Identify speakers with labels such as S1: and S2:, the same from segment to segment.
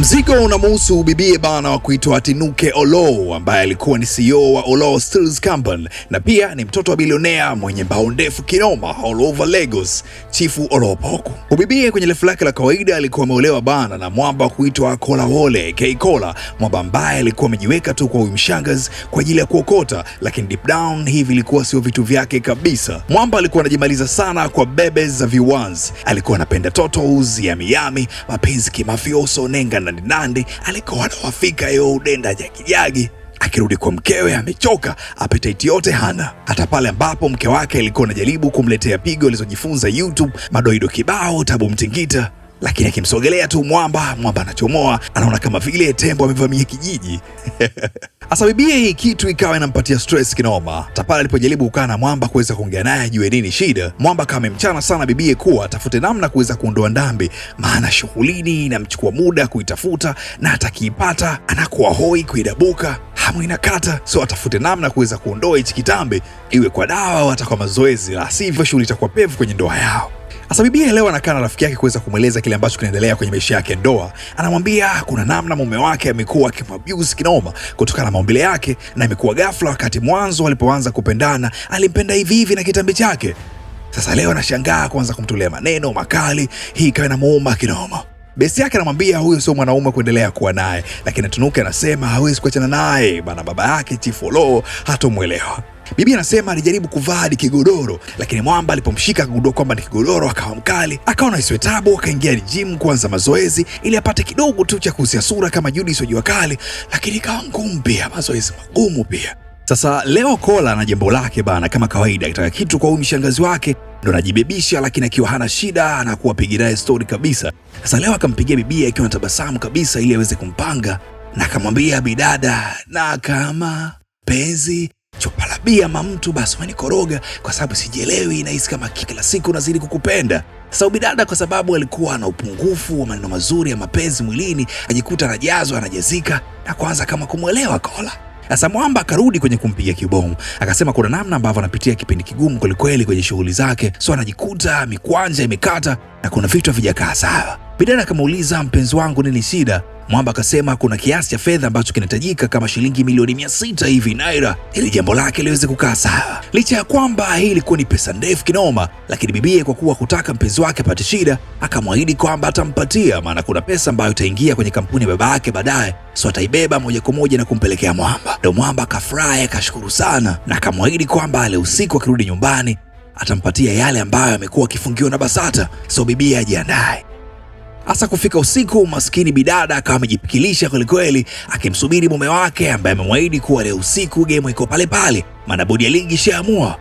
S1: Mzigo unamuhusu bibie bana wa kuitwa Tinuke olo ambaye alikuwa ni CEO wa Olo Steels Company na pia ni mtoto wa bilionea mwenye mbao ndefu kinoma all over Lagos, Chifu Oloo Poku. Ubibie kwenye lefu lake la kawaida alikuwa ameolewa bana na mwamba wa kuitwa Kolawole K Kola, mwamba ambaye alikuwa amejiweka tu kwa uimshangaz kwa ajili ya kuokota, lakini deep down hivi ilikuwa sio vitu vyake kabisa. Mwamba alikuwa anajimaliza sana kwa bebe za viwanzi, alikuwa anapenda totos, yamiyami, mapenzi kimafioso nenga Nandi Nandi alikuwa anawafika yo udenda Jagijagi akirudi kwa mkewe amechoka, apetaiti yote hana, hata pale ambapo mke wake alikuwa anajaribu kumletea pigo alizojifunza YouTube, madoido kibao, tabu mtingita lakini akimsogelea tu mwamba, mwamba anachomoa, anaona kama vile tembo amevamia kijiji. Asabibia hii kitu ikawa inampatia stress kinoma. Tapala alipojaribu kukaa na mwamba kuweza kuongea naye ajue nini shida, mwamba kama amemchana sana bibie kuwa atafute namna kuweza kuondoa ndambi, maana shughulini inamchukua muda kuitafuta na atakiipata anakuwa hoi kuidabuka, hamu inakata. So atafute namna kuweza kuondoa hichi kitambe, iwe kwa dawa au hata kwa mazoezi, la sivyo shughuli itakuwa pevu kwenye ndoa yao. Sasa bibi leo anakaa na rafiki yake kuweza kumweleza kile ambacho kinaendelea kwenye maisha yake ndoa. Anamwambia kuna namna mume wake amekuwa akimabuse kinoma kutokana na maumbile yake na imekuwa ghafla, wakati mwanzo walipoanza kupendana alimpenda hivi hivi na kitambi chake. Sasa leo anashangaa kuanza kumtolea maneno makali, hii ikawa inamuuma kinoma. Besi yake anamwambia huyo sio mwanaume kuendelea kuwa naye, lakini Tunuka anasema hawezi kuachana naye bana, baba yake Chief Olo hatomwelewa. Bibi anasema alijaribu kuvaa hadi kigodoro, lakini mwamba alipomshika akagundua kwamba ni kigodoro, akawa mkali, akaona isiwe tabu, akaingia gym kuanza mazoezi ili apate kidogo tu cha kuhusia sura kama Judi jua kali, lakini ikawa ngumu pia, mazoezi magumu pia. Sasa leo Kola na jambo lake bana, kama kawaida, akitaka kitu kwa huyu mshangazi wake ndo anajibebisha, lakini akiwa hana shida anakuwa apiga naye stori kabisa. Sasa leo akampigia bibia akiwa na tabasamu kabisa, ili aweze kumpanga na akamwambia bidada, na kama penzi chopalabia bia mamtu basi umenikoroga kwa sababu sijielewi, nahisi kama kila siku nazidi kukupenda. Sasa ubidada kwa sababu alikuwa na upungufu wa maneno mazuri ya mapenzi mwilini, ajikuta anajazwa anajazika na kwanza kama kumwelewa Kola. Sasa Mwamba akarudi kwenye kumpiga kibomu, akasema kuna namna ambavyo anapitia kipindi kigumu kwelikweli kwenye shughuli zake, so anajikuta mikwanja imekata na kuna vitu havijakaa sawa. Bidada akamuuliza, mpenzi wangu, nini shida? Mwamba akasema kuna kiasi cha fedha ambacho kinahitajika kama shilingi milioni mia sita hivi naira ili jambo lake liweze kukaa sawa. Licha ya kwamba hii ilikuwa ni pesa ndefu kinoma, lakini bibie kwa kuwa kutaka mpenzi wake apate shida, akamwahidi kwamba atampatia, maana kuna pesa ambayo itaingia kwenye kampuni ya baba yake baadaye, so ataibeba moja kwa moja na kumpelekea Mwamba. Ndo Mwamba akafurahi akashukuru sana na akamwahidi kwamba ale usiku akirudi nyumbani atampatia yale ambayo amekuwa akifungiwa na Basata, so bibie ajiandae. Hasa kufika usiku, maskini bidada akawa amejipikilisha kwelikweli, akimsubiri mume wake ambaye amemwahidi kuwa leo usiku gemu iko pale pale, maana bodi ya ligi ishaamua.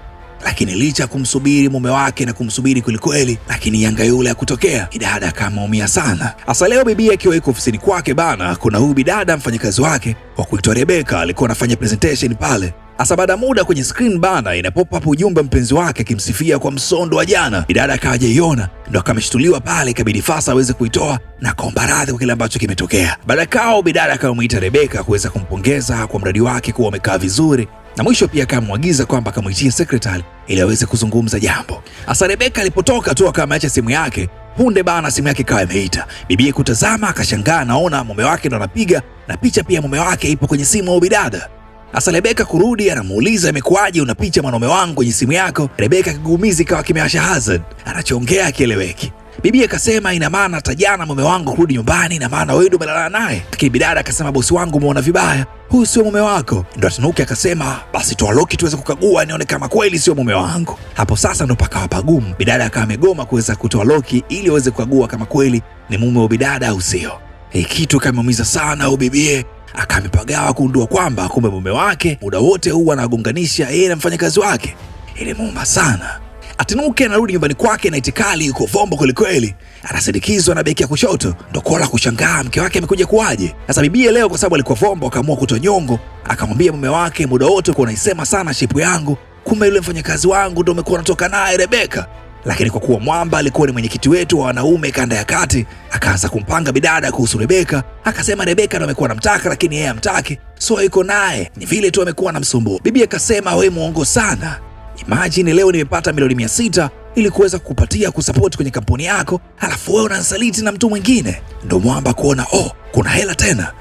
S1: Lakini licha ya kumsubiri mume wake na kumsubiri kwelikweli, lakini Yanga yule ya kutokea Bidada akamaumia sana. Hasa leo bibi akiwa yuko ofisini kwake bana, kuna huyu bidada mfanyakazi wake wa kuitwa Rebeka alikuwa anafanya presentation pale Hasa baada muda kwenye screen bana inapop up ujumbe mpenzi wake akimsifia kwa msondo wa jana. Bidada akawa hajaiona, ndo akameshtuliwa pale, ikabidi Fasa aweze kuitoa na kaomba radhi kwa kile ambacho kimetokea. Baada ya kao, bidada akamwita Rebeka kuweza kumpongeza kwa mradi wake kuwa umekaa vizuri, na mwisho pia akamwagiza kwamba akamwitia secretary ili aweze kuzungumza jambo. Hasa Rebeka alipotoka tu akawa ameacha simu yake punde bana, simu yake ikawa imeita. Bibiye kutazama akashangaa, naona mume wake ndo anapiga, na picha pia mume wake ipo kwenye simu ya bidada hasa Rebeka kurudi, anamuuliza imekuwaje, unapicha mwanaume wangu kwenye simu yako? Rebeka kigumizi kawa kimewasha hazard, anachoongea akieleweki. Bibi akasema ina maana hata jana mume wangu kurudi nyumbani, ina maana wewe ndio umelala naye. Lakini bidada akasema bosi wangu umeona vibaya, huyu sio mume wako. Ndo Tanuki akasema basi toa loki tuweze kukagua nione kama kweli sio mume wangu. Hapo sasa ndo pakawa pagumu, bidada akawa amegoma kuweza kutoa loki ili aweze kukagua kama kweli ni mume wa bidada au sio. Hii kitu ikaumiza sana ubibie akamipagawa kundua kwamba kumbe mume wake muda wote huu anagonganisha yeye na mfanyakazi wake. Ilimuuma sana. Atinuke anarudi nyumbani kwake na itikali yuko vombo kwelikweli, anasindikizwa na beki ya kushoto. Ndokola kushangaa mke wake amekuja kuwaje. Sasa bibie leo, kwa sababu alikuwa vombo, akaamua kutonyongo, akamwambia mume wake, muda wote uko unaisema sana shipu yangu, kumbe yule mfanyakazi wangu ndo umekuwa unatoka naye Rebeka lakini kwa kuwa Mwamba alikuwa ni mwenyekiti wetu wa wanaume kanda ya kati, akaanza kumpanga bidada kuhusu Rebeka. Akasema Rebeka ndo amekuwa anamtaka, lakini yeye amtaki, so iko naye, ni vile tu amekuwa anamsumbua. Bibi akasema we mwongo sana, imajini leo nimepata milioni mia sita ili kuweza kukupatia kusapoti kwenye kampuni yako, alafu wewe unansaliti na mtu mwingine. Ndo Mwamba kuona oh, kuna hela tena,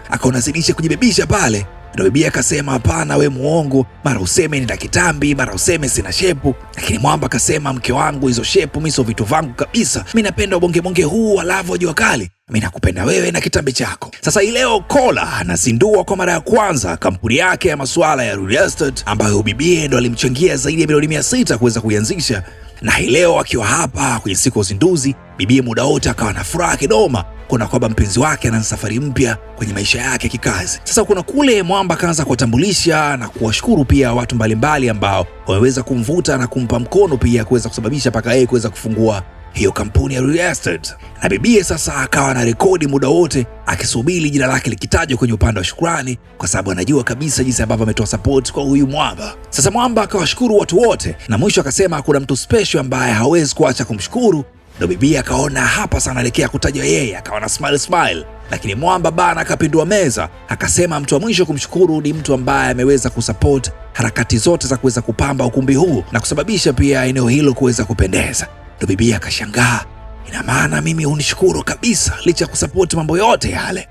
S1: zidishe kujibebisha pale ndio bibi akasema, hapana, we muongo, mara useme nina kitambi, mara useme sina shepu. Lakini mwamba akasema, mke wangu, hizo shepu mi sio vitu vangu kabisa, mi napenda ubongebonge huu walavu jua kali mi nakupenda wewe na kitambi chako. Sasa hii leo Kola anazindua kwa mara ya kwanza kampuni yake ya masuala ya real estate ambayo bibie ndo alimchangia zaidi ya milioni mia sita kuweza kuianzisha, na hii leo akiwa hapa kwenye siku ya uzinduzi Bibie muda wote akawa na furaha kidoma kuna kwamba mpenzi wake ana safari mpya kwenye maisha yake kikazi. Sasa kuna kule mwamba akaanza kuwatambulisha na kuwashukuru pia watu mbalimbali ambao wameweza kumvuta na kumpa mkono pia kuweza kusababisha mpaka yeye kuweza kufungua hiyo kampuni ya real estate. Na bibie sasa akawa na rekodi muda wote akisubiri jina lake likitajwa kwenye upande wa shukrani, kwa sababu anajua kabisa jinsi ambavyo ametoa support kwa huyu mwamba. Sasa mwamba akawashukuru watu wote, na mwisho akasema kuna mtu special ambaye hawezi kuacha kumshukuru Ndo bibi akaona hapa sana anaelekea kutajwa yeye, akawa na smile smile, lakini mwamba bana akapindua meza, akasema mtu wa mwisho kumshukuru ni mtu ambaye ameweza kusupport harakati zote za kuweza kupamba ukumbi huu na kusababisha pia eneo hilo kuweza kupendeza. Ndo bibi akashangaa, ina maana mimi hunishukuru kabisa licha ya kusupport mambo yote yale.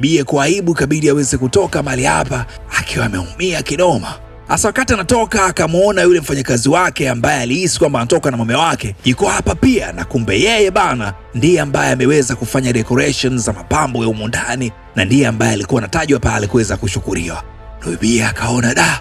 S1: Bibi kwa aibu kabidi aweze kutoka mali hapa akiwa ameumia kinoma. Hasa wakati anatoka akamwona yule mfanyakazi wake ambaye alihisi kwamba anatoka na mume wake yuko hapa pia, na kumbe yeye bana ndiye ambaye ameweza kufanya decorations za mapambo ya humu ndani na ndiye ambaye alikuwa anatajwa pale kuweza kushukuriwa. Nubia akaona da,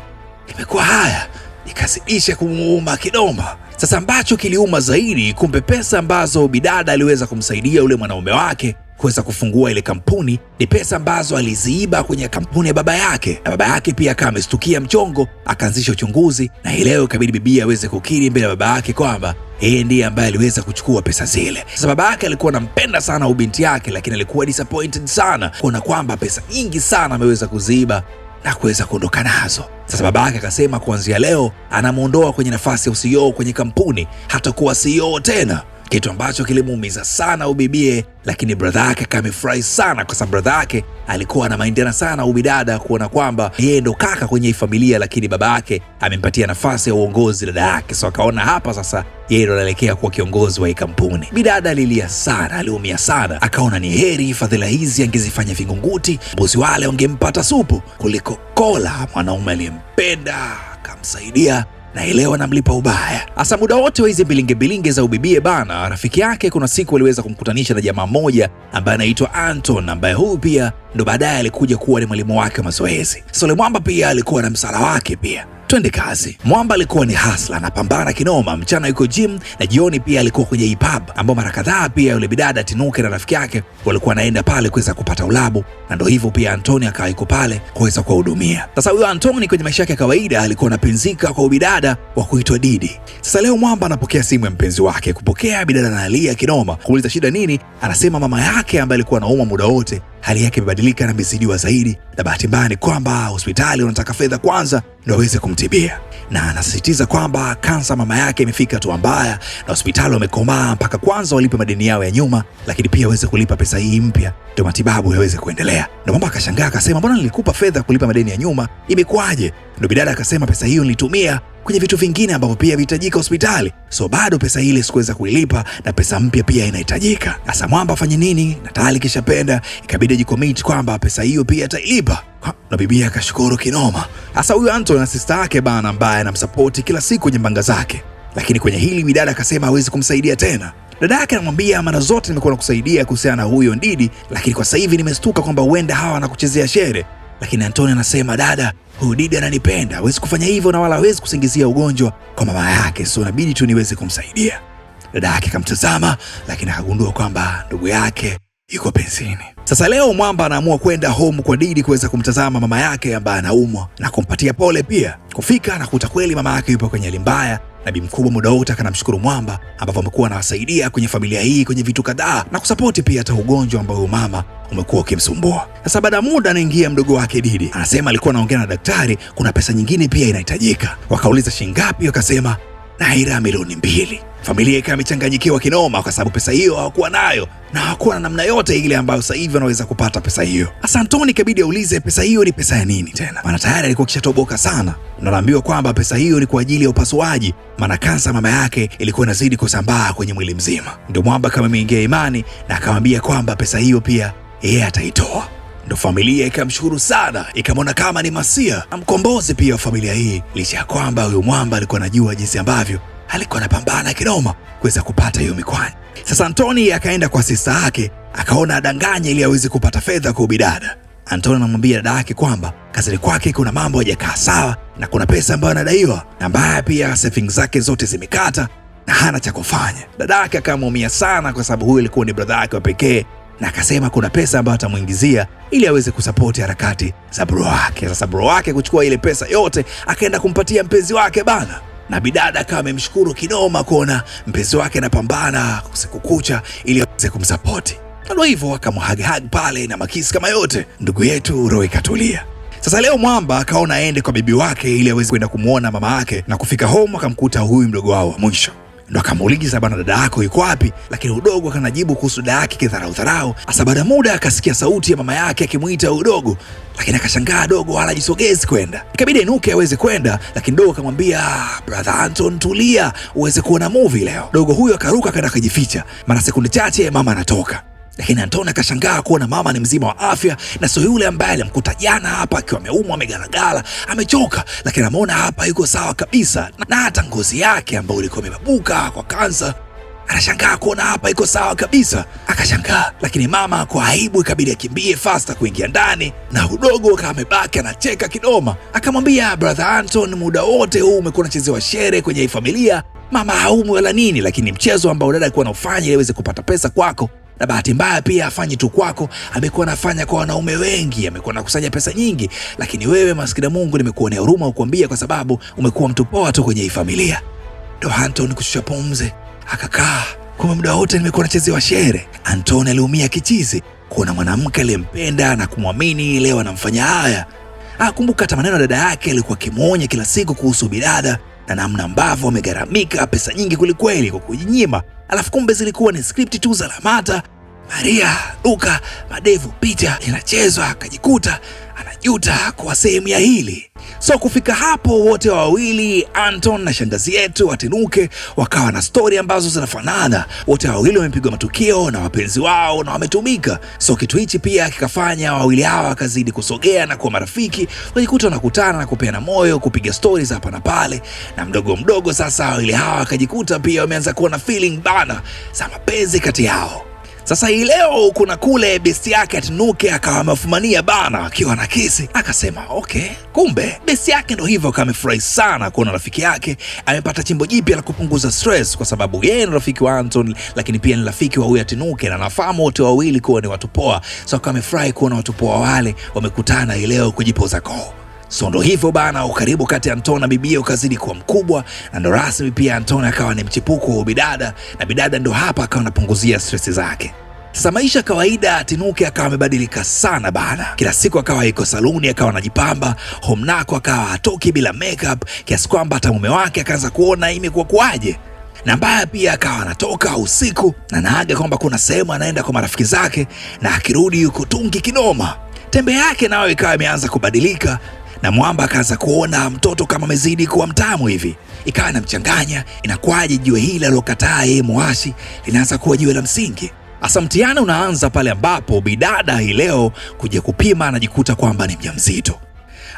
S1: imekuwa haya, ikazidisha kumuuma kidoma. Sasa ambacho kiliuma zaidi, kumbe pesa ambazo bidada aliweza kumsaidia yule mwanaume wake kuweza kufungua ile kampuni ni pesa ambazo aliziiba kwenye kampuni ya baba yake, na baba yake pia akawa amestukia mchongo, akaanzisha uchunguzi, na hii leo ikabidi bibi aweze kukiri mbele ya baba yake kwamba yeye ndiye ambaye aliweza kuchukua pesa zile. Sasa baba yake alikuwa anampenda sana ubinti binti yake, lakini alikuwa disappointed sana kuona kwamba pesa nyingi sana ameweza kuziiba na kuweza kuondoka nazo. Sasa baba yake akasema kuanzia leo anamwondoa kwenye nafasi ya CEO kwenye kampuni, hatakuwa CEO tena kitu ambacho kilimuumiza sana ubibie, lakini bradha yake kamefurahi sana, kwa sababu bradha yake alikuwa na maindana sana ubidada kuona kwamba yeye ndo kaka kwenye hii familia, lakini baba yake amempatia nafasi ya uongozi dada yake, so akaona hapa sasa yeye ndo anaelekea kuwa kiongozi wa hii kampuni. Bidada alilia sana, aliumia sana, akaona ni heri fadhila hizi angezifanya vingunguti, mbuzi wale wangempata supu kuliko Kola, mwanaume aliyempenda akamsaidia naelewa namlipa ubaya. Hasa muda wote wa hizi bilinge bilinge za ubibie bana, rafiki yake kuna siku aliweza kumkutanisha na jamaa mmoja ambaye anaitwa Anton, ambaye huyu pia ndo baadaye alikuja kuwa ni mwalimu wake wa mazoezi. Solemwamba pia alikuwa na msala wake pia Twende kazi. Mwamba alikuwa ni hasla, anapambana kinoma, mchana yuko gym na jioni pia alikuwa kwenye ipab ambao mara kadhaa pia yule bidada Tinuke na rafiki yake walikuwa anaenda pale kuweza kupata ulabu, na ndo hivyo pia Antoni akawa yuko pale kuweza kuwahudumia. Sasa huyo Antoni kwenye maisha yake ya kawaida alikuwa anapinzika kwa ubidada wa kuitwa Didi. Sasa leo Mwamba anapokea simu ya mpenzi wake, kupokea bidada analia kinoma, kuuliza shida nini, anasema mama yake ambaye alikuwa anauma muda wote hali yake imebadilika na amezidiwa zaidi, na bahati mbaya ni kwamba hospitali wanataka fedha kwanza ndio aweze kumtibia, na anasisitiza kwamba kansa mama yake imefika tu mbaya na hospitali wamekomaa mpaka kwanza walipe madeni yao ya nyuma, lakini pia aweze kulipa pesa hii mpya ndio matibabu yaweze kuendelea. Ndio mama akashangaa akasema, mbona nilikupa fedha kulipa madeni ya nyuma, imekuwaje? Dubidada akasema pesa hiyo nilitumia kwenye vitu vingine ambavyo pia vihitajika hospitali, so bado pesa ile sikuweza kuilipa na pesa mpya pia inahitajika. Sasa Mwamba afanye nini? Natali kishapenda, ikabidi ajikomiti kwamba pesa hiyo pia atailipa na bibia akashukuru kinoma. Sasa huyu Anton na sista yake bana, ambaye anamsapoti kila siku kwenye mbanga zake, lakini kwenye hili bidada akasema hawezi kumsaidia tena. Dada yake anamwambia mara zote nimekuwa nakusaidia kuhusiana na huyo Ndidi, lakini kwa sasa hivi nimestuka kwamba huenda hawa anakuchezea shere lakini Antoni anasema dada, huyu Didi ananipenda, hawezi kufanya hivyo na wala hawezi kusingizia ugonjwa kwa mama yake, so inabidi tu niweze kumsaidia. Dada yake akamtazama, lakini akagundua kwamba ndugu yake yuko penzini. Sasa leo Mwamba anaamua kwenda home kwa Didi kuweza kumtazama mama yake ambaye anaumwa na kumpatia pole pia. Kufika anakuta kweli mama yake yupo kwenye hali mbaya na bibi mkubwa muda wote akanamshukuru Mwamba ambapo amekuwa anawasaidia kwenye familia hii kwenye vitu kadhaa na kusapoti pia hata ugonjwa ambao mama umekuwa ukimsumbua. Sasa baada ya muda anaingia mdogo wake Didi, anasema alikuwa anaongea na daktari, kuna pesa nyingine pia inahitajika. Wakauliza shilingi ngapi? Wakasema naira milioni mbili. Familia ikawa imechanganyikiwa kinoma, kwa sababu pesa hiyo hawakuwa nayo na hawakuwa na namna yote ile ambayo sasa hivi wanaweza kupata pesa hiyo. Hasa Antoni ikabidi aulize pesa hiyo ni pesa ya nini tena, maana tayari alikuwa kishatoboka sana, na anaambiwa kwamba pesa hiyo ni kwa ajili ya upasuaji, maana kansa mama yake ilikuwa inazidi kusambaa kwenye mwili mzima. Ndio mwamba kama imeingia imani na akamwambia kwamba pesa hiyo pia yeye ataitoa. Ndo familia ikamshukuru sana, ikamwona kama ni masia na mkombozi pia wa familia hii, licha ya kwamba huyo mwamba alikuwa anajua jinsi ambavyo alikuwa anapambana kinoma kuweza kupata hiyo mikwani. Sasa Antoni akaenda kwa sista yake, akaona adanganya ili aweze kupata fedha kwa bidada. Antoni anamwambia dada yake kwamba kazini kwake kuna mambo hayajakaa sawa na kuna pesa ambayo anadaiwa na mbaya pia, savings zake zote zimekata na hana cha kufanya. Dada yake akamuumia sana, kwa sababu huyu alikuwa ni bradha yake wa pekee, na akasema kuna pesa ambayo atamwingizia ili aweze kusapoti harakati za bro wake. Sasa bro wake kuchukua ile pesa yote akaenda kumpatia mpenzi wake bana na bidada akawa amemshukuru kinoma kuona mpenzi wake anapambana usiku kucha ili aweze kumsapoti. Ndio hivyo akamhaghag pale na makisi kama yote, ndugu yetu roho ikatulia. Sasa leo Mwamba akaona aende kwa bibi wake ili aweze kwenda kumwona mama yake, na kufika home akamkuta huyu mdogo wao wa mwisho ndo akamuuliza bana, dada yako yuko wapi? Lakini udogo akanajibu kuhusu dada yake kidharau dharau. Hasa baada muda akasikia sauti ya mama yake akimwita udogo, lakini akashangaa dogo wala jisogezi kwenda, ikabidi inuke aweze kwenda, lakini dogo akamwambia brother Anton, tulia uweze kuona movie leo. Dogo huyo akaruka akaenda akajificha. Mara sekunde chache mama anatoka lakini Anton akashangaa kuona mama ni mzima wa afya na sio yule ambaye alimkuta jana hapa akiwa ameumwa, amegaragala, amechoka, lakini ameona hapa yuko sawa kabisa, na hata ngozi yake ambayo ilikuwa imebabuka kwa kansa anashangaa kuona hapa iko sawa kabisa, akashangaa. Lakini mama kwa aibu ikabidi akimbie fasta kuingia ndani, na udogo akawa amebaki anacheka kidoma. Akamwambia brother Anton, muda wote huu umekuwa unachezewa shere kwenye hii familia, mama haumwi wala nini, lakini mchezo ambao dada alikuwa anaufanya ili aweze kupata pesa kwako na bahati mbaya pia afanyi tu kwako, amekuwa anafanya kwa wanaume wengi, amekuwa anakusanya pesa nyingi. Lakini wewe maskini Mungu, nimekuonea huruma ukuambia kwa sababu umekuwa mtu poa tu kwenye hii familia. Ndo Anton kushusha pumzi akakaa. Kumbe muda wote nimekuwa nachezewa shere. Anton aliumia kichizi kuona mwanamke aliyempenda na kumwamini leo anamfanya haya. Akumbuka ah, hata maneno dada yake alikuwa akimwonya kila siku kuhusu bidada na namna ambavyo wamegharamika pesa nyingi kwelikweli kwa kujinyima, alafu kumbe zilikuwa ni skripti tu za Lamata Maria Luka Madevu Pita inachezwa akajikuta anajuta kwa sehemu ya hili. So kufika hapo, wote wawili Anton na shangazi yetu Watinuke wakawa na stori ambazo zinafanana. Wote wawili wamepigwa matukio na wapenzi wao na wametumika. So kitu hichi pia kikafanya wawili hawa wakazidi kusogea na kuwa marafiki, wajikuta wanakutana na kupeana moyo, kupiga stori za hapa na pale, na mdogo mdogo sasa wawili hawa wakajikuta pia wameanza kuwa na feeling bana za mapenzi kati yao. Sasa hii leo kuna kule besti yake Atinuke akawa amefumania bana, akiwa na Kisi akasema okay, kumbe besti yake ndo hivyo. amefurahi sana kuona rafiki yake amepata chimbo jipya la kupunguza stress, kwa sababu yeye ni rafiki wa Anton, lakini pia ni rafiki wa huyu Atinuke na nafahamu wote wawili kuwa ni watu poa. So amefurahi kuona watu poa wale wamekutana hii leo kujipoza koo So ndo hivyo bana, ukaribu kati ya Anton na bibie ukazidi kuwa mkubwa, na ndo rasmi pia antoni akawa ni mchipuko wa bidada, na bidada ndo hapa akawa anapunguzia stresi zake. Sasa maisha kawaida, Tinuke akawa amebadilika sana bana. Kila siku akawa iko saluni, akawa anajipamba. nako, akawa hatoki bila makeup, kiasi kwamba hata mume wake akaanza kuona imekuwa kuaje na mbaya pia akawa anatoka usiku na naaga kwamba kuna sehemu anaenda kwa marafiki zake, na akirudi yuko tungi kinoma. Tembe yake nayo ikawa imeanza kubadilika, na mwamba akaanza kuona mtoto kama amezidi kuwa mtamu hivi, ikawa inamchanganya inakuwaje jiwe hili alilokataa yeye mwashi linaanza kuwa jiwe la msingi. Hasa mtihani unaanza pale ambapo bidada hii leo kuja kupima anajikuta kwamba ni mjamzito.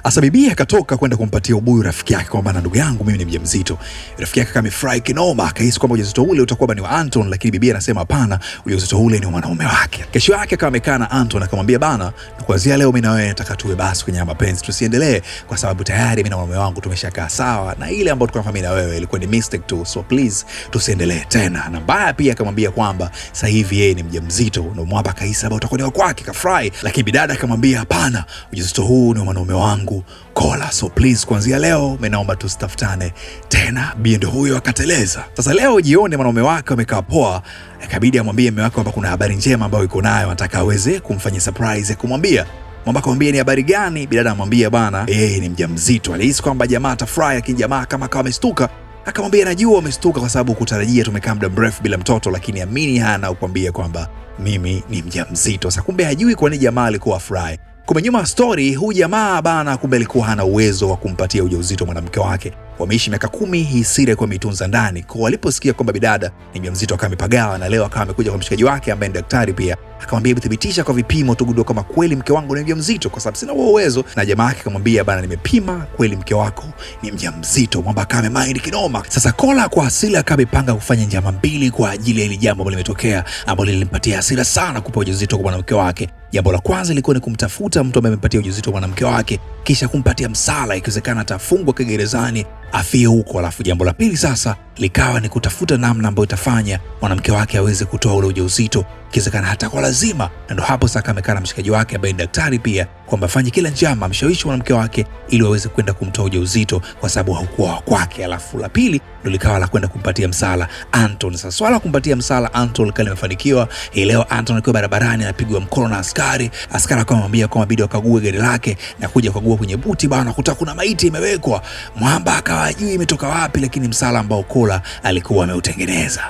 S1: Asa bibi akatoka kwenda kumpatia ubuyu rafiki yake, kwamba ndugu yangu mimi ni mjamzito. Rafiki yake amefurahi kinoma, akahisi kwamba ujauzito ule utakuwa ni wa Anton, lakini bibi anasema hapana, ujauzito ule ni wa mwanaume wake. Kesho yake akawa amekaa na Anton akamwambia, bana, kuanzia leo mimi na wewe nataka tuwe basi kwenye mapenzi, tusiendelee kwa sababu tayari mimi na mume wangu tumeshakaa sawa, na ile ambayo tulikuwa mimi na wewe ilikuwa ni mistake tu, so please tusiendelee tena. Na mbaya pia akamwambia kwamba sasa hivi yeye ni mjamzito na mwamba kaisa ambao utakuwa ni wa kwake, kafurahi. Lakini bidada akamwambia, hapana, ujauzito huu ni wa mwanaume wangu yangu Kola. So please, kuanzia leo naomba tusitafutane tena. Bi ndo huyo akateleza. Sasa leo jioni, mwanaume wake amekaa poa, akabidi amwambie mume wake kwamba kuna habari njema ambayo iko nayo, anataka aweze kumfanyia surprise ya kumwambia mwamba kamwambia ni habari gani? Bidada amwambia bana, yeye eh, ni mjamzito. Alihisi kwamba jamaa atafurahi, lakini jamaa kama akawa amestuka akamwambia najua umestuka kwa sababu kutarajia tumekaa muda mrefu bila mtoto, lakini amini hana kukwambia kwamba mimi ni mjamzito. Sasa kumbe hajui kwa nini jamaa alikuwa furahi. Kumbe nyuma stori, huyu jamaa bana, kumbe alikuwa hana uwezo wa kumpatia ujauzito mwanamke wake. Wameishi miaka kumi, hii siri alikuwa ameitunza ndani. Kwa waliposikia kwamba bidada ni mjamzito, akawa amepagawa, na leo akawa amekuja kwa mshikaji wake ambaye ni daktari pia, akamwambia hebu thibitisha kwa vipimo tugundue kama kweli mke wangu ni mjamzito, kwa sababu sina uwezo. Na jamaa yake akamwambia, bana, nimepima kweli mke wako ni mjamzito. Mwamba akawa amemaindi kinoma. Sasa Kola kwa hasira akawa amepanga kufanya njama mbili kwa ajili ya hili jambo ambalo limetokea, ambalo lilimpatia hasira sana kupa ujauzito kwa mwanamke wake. Jambo la kwanza ilikuwa ni kumtafuta mtu ambaye amempatia ujauzito mwanamke wake kisha kumpatia msala, ikiwezekana atafungwa kigerezani afie huko. Alafu jambo la pili sasa likawa ni kutafuta namna ambayo itafanya mwanamke wake aweze kutoa ule ujauzito, ikiwezekana hata kwa lazima. Na ndo hapo sasa amekaa na mshikaji wake ambaye ni daktari pia, kwamba afanye kila njama amshawishi mwanamke wake ili waweze kwenda kumtoa ujauzito, kwa sababu haukuwa kwake. Alafu la pili ndo likawa la kwenda kumpatia msala Anton. Sasa swala kumpatia msala Anton likawa limefanikiwa. Hii leo Anton akiwa barabarani anapigwa mkono na askari, askari akamwambia kwamba bidi wakague gari lake na kuja kukagua akafungua kwenye buti bana, kuta kuna maiti imewekwa. Mwamba akawa juu imetoka wapi, lakini msala ambao Kola alikuwa ameutengeneza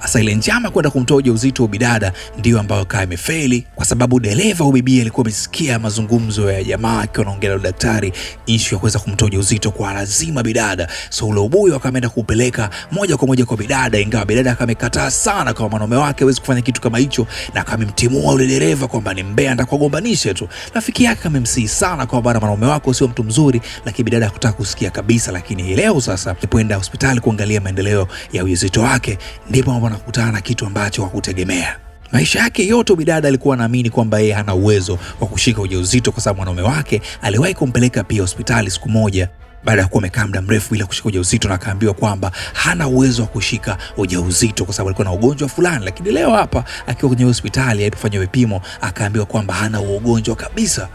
S1: Hasa ile njama kwenda kumtoa ujauzito wa bidada ndiyo ambayo kaa imefeli, kwa sababu dereva wa bibi alikuwa amesikia mazungumzo ya jamaa akiwa anaongea na daktari ishu ya kuweza kumtoa ujauzito kwa lazima bidada. So ule ubuyu akaenda kupeleka moja kwa moja kwa bidada, ingawa bidada akamekataa sana, kwa mwanaume wake hawezi kufanya kitu kama hicho, na akamtimua ule dereva kwamba ni mbea, atakugombanisha tu. Rafiki yake amemsihi sana kwa bwana, mwanaume wako sio mtu mzuri, lakini bidada hakutaka kusikia kabisa. Lakini leo sasa, alipoenda hospitali kuangalia maendeleo ya ujauzito wake ndipo wanakutana na kitu ambacho hakutegemea. Maisha yake yote bidada alikuwa anaamini kwamba yeye hana uwezo wa kushika ujauzito, kwa sababu mwanaume wake aliwahi kumpeleka pia hospitali siku moja baada ya kuwa amekaa muda mrefu bila kushika ujauzito, na akaambiwa kwamba hana uwezo wa kushika ujauzito kwa sababu alikuwa na ugonjwa fulani. Lakini leo hapa akiwa kwenye hospitali alipofanya vipimo, akaambiwa kwamba hana ugonjwa kabisa.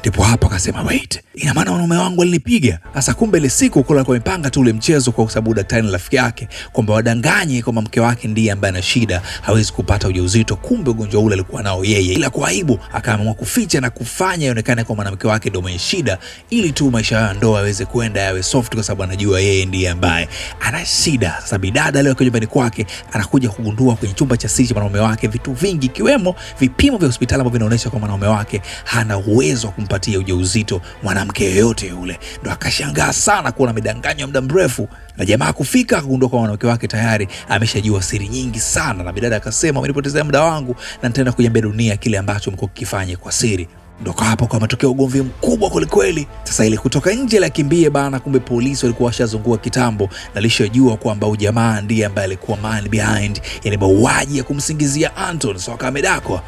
S1: Ndipo hapo akasema wait, ina maana wanaume wangu alinipiga sasa. Kumbe ile siku kule alikuwa amepanga tu ule mchezo, kwa sababu daktari ni rafiki yake, kwamba wadanganye kwamba mke wake ndiye ambaye ana shida, hawezi kupata ujauzito. Kumbe ugonjwa ule alikuwa nao yeye, ila kwa aibu akaamua kuficha na kufanya ionekane kwa mwanamke wake ndio mwenye shida, ili tu maisha yao ndoa aweze kwenda yawe soft, kwa sababu anajua yeye ndiye ambaye ana shida. Sasa bidada leo akiwa nyumbani kwake, anakuja kugundua kwenye chumba cha siri cha mwanaume wake vitu vingi, ikiwemo vipimo vya hospitali ambavyo vinaonyesha kwa mwanaume wake hana uwezo wa kumpatia ujauzito mwanamke yoyote yule. Ndo akashangaa sana kuwa amedanganywa muda mrefu, na jamaa kufika akagundua kwa mwanamke wake tayari ameshajua siri nyingi sana, na bidada akasema, amenipotezea muda wangu na nitaenda kuiambia dunia kile ambacho mko kikifanya kwa siri. Ndo kwa hapo kwa matokeo ugomvi mkubwa kwelikweli. Sasa ili kutoka nje la kimbie bana, kumbe polisi walikuwa washazungua kitambo na lishajua kwamba ujamaa ndiye ambaye alikuwa man behind, yani mauaji ya kumsingizia Anton. So akamedakwa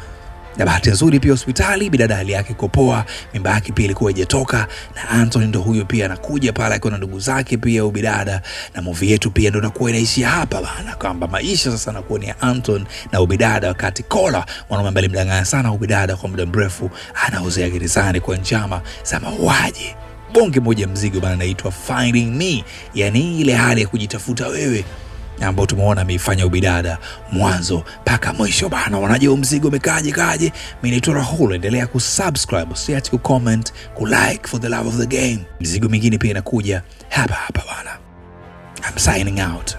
S1: na bahati nzuri pia hospitali bidada hali yake iko poa, mimba yake pia ilikuwa haijatoka, na Anthony ndo huyo pia anakuja pale akiwa na ndugu zake pia ubidada, na movie yetu pia ndo nakuwa inaishia hapa bana, kwamba maisha sasa nakuwa ni ya Anton na ubidada, wakati Kola mwanaume ambaye alimdanganya sana ubidada kwa muda mrefu anauzea gerezani kwa njama za mauaji. Bonge moja mzigo bana, naitwa Finding Me, yani ile hali ya kujitafuta wewe ambao tumeona ameifanya ubidada mwanzo mpaka mwisho bana. huu mzigo umekaaje kaje. Mimi ni Tora Hulu, endelea kusubscribe, siache kucomment, kulike for the love of the game. Mzigo mingine pia inakuja hapa hapa bana. I'm signing out.